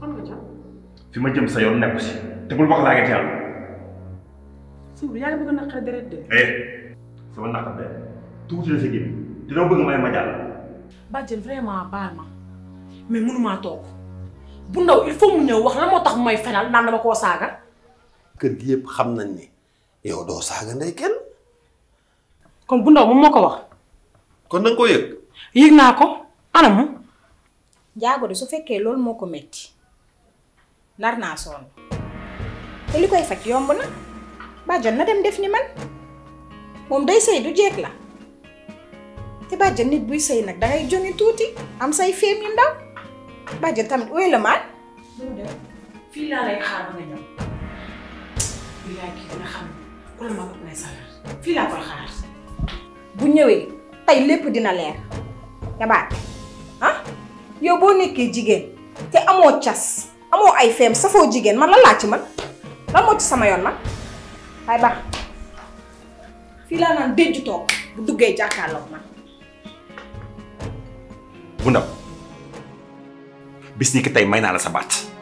fan nga fi ma jëm sa yoon nekku si te bul wax laa ngi teel. Sow yaa ngi bëgg a naqare deret de. eh sama naqare bëgg may ma jàll. bàjjen vraiment baal ma mais mënumaa toog bu ndaw il faut mu ñëw wax lan moo tax may fenal naan dama koo saaga. kër gi yëpp xam nañ ni yow doo saaga ndey kenn. kon bu ndaw moom moo ko wax. kon na koo yëg. yëg naa ko anam. jaago de su fekkee loolu moo ko metti nar naa sonn te li yomb na Ba na dem def ni man mom day sey du jek la te bàjjan nit buy nak da ngay joni touti am say fem yu ndaw bàjjan tamit ooy la maan fi la lay xaar nga ñëw fi la ki dina xam ko la ko nay sa fi la ko xaar bu ñewé tay lepp dina leer ba ha ah? yo bo nekké jigen te amo amoo ay feem safoo jigéen man lan laa ci man lan moo ci sama yoon man waaye baax fii laa naan déjju toog bu duggee jàkkaarloog man. bu bis ni ki tey may naa la sa baat.